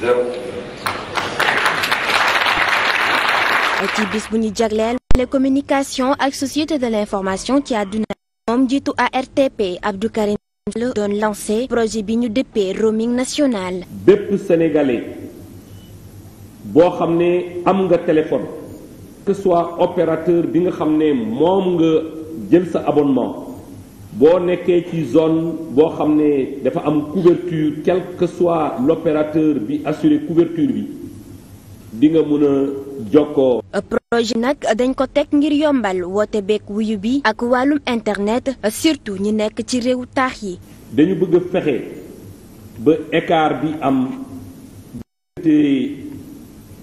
zéro. ci bis bu ñu jagleel télécommunication ak société de l'information ci àdduna moom jiitu ARTP Abdou Karim la doon lancé projet bi ñu dëppee roaming national. bépp sénégalais boo xam ne am nga téléphone que soit opérateur bi nga xam ne moom nga jël sa abonnement. boo nekkee ci zone boo xam ne dafa am couverture quel que soit l'opérateur bi assuré couverture bi di nga mën a jokkoo. projet nag dañ ko teg ngir yombal woote beeg wuyu bi ak wàllum internet surtout ñi nekk ci réewu taax yi. dañu bëgg a fexe ba écart bi am diggante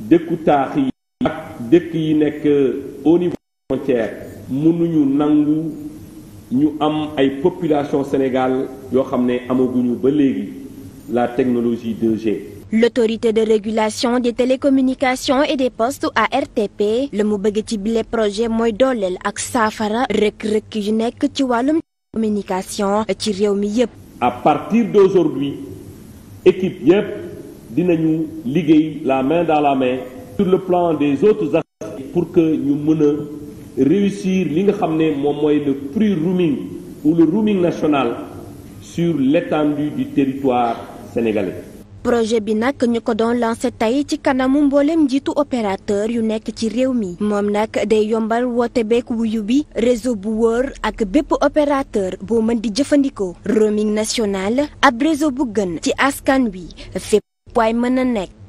dëkku taax yi ak dëkk yi nekk au niveau mënuñu nangu. ñu am ay population Sénégal yoo xam ne amaguñu ba léegi la technologie de g L'autorité de régulation des télécommunications et des postes ARTP la mu bëgg ci bile projet mooy dooleel ak saafara rëkk-rëkk yu nekk ci wàllum communication ci réew mi yépp à partir d'aujourd'hui équipe yépp dinañu liggéey la main dans la main sur le plan des autres aspects pour que ñu mën réussir li nga xam ne moom mooy le free roaming ou le roaming national sur l'étendue du territoire sénégalais. projet bi nag ñu ko doon lancé tey ci kanamu mbooleem njiitu opérateur yu nekk ci réew mi moom nag day yombal woote beek wuyu bi réseau bu wóor ak bépp opérateur boo mën di jëfandikoo roaming national ab réseau bu gën ci askan wi fépp waay mën na nekk.